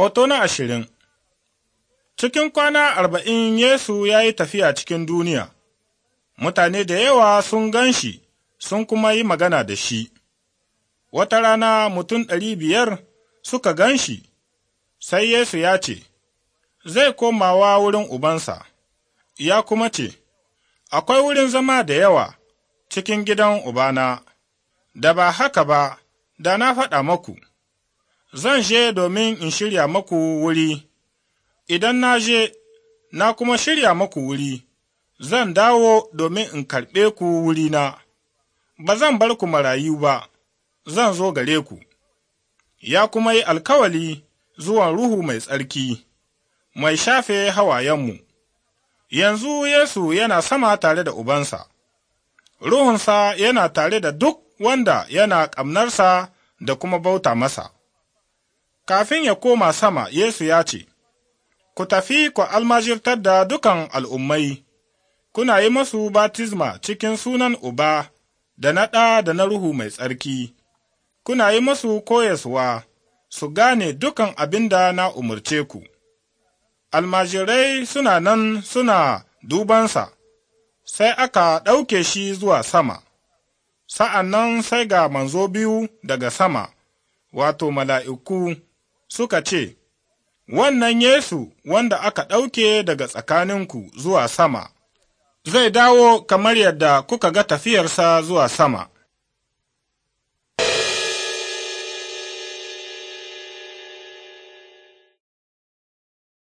Hoto na ashirin Cikin kwana arba'in Yesu ya yi tafiya cikin duniya, mutane da yawa sun gan shi, sun kuma yi magana da shi. Wata rana mutum ɗari biyar suka gan shi, sai Yesu ya ce, Zai komawa wurin Ubansa, ya kuma ce, Akwai wurin zama da yawa cikin gidan Ubana, da ba haka ba, da na faɗa maku. zan je domin in shirya maku wuri, idan na je, na kuma shirya maku wuri, zan dawo domin in karɓe ku wurina, ba zan bar ku marayu ba, zan zo gare ku. Ya kuma yi alkawali zuwan Ruhu mai tsarki, mai shafe hawayenmu. Yanzu Yesu yana sama tare da Ubansa, Ruhunsa yana tare da duk wanda yana ƙamnarsa da kuma bauta masa. Kafin ya koma sama, Yesu ya ce, Ku tafi ku almajirtar da dukan al'ummai, kuna yi masu batizma cikin sunan Uba, da na ɗa da na Ruhu mai tsarki, kuna yi masu koyaswa, su gane dukan abin da na umarce ku. Almajirai suna nan suna dubansa, sai aka ɗauke shi zuwa sama, sa'an nan sai ga manzo biyu daga sama, wato mala'iku. suka ce, Wannan Yesu wanda aka ɗauke daga tsakaninku zuwa sama, zai dawo kamar yadda kuka ga tafiyarsa zuwa sama.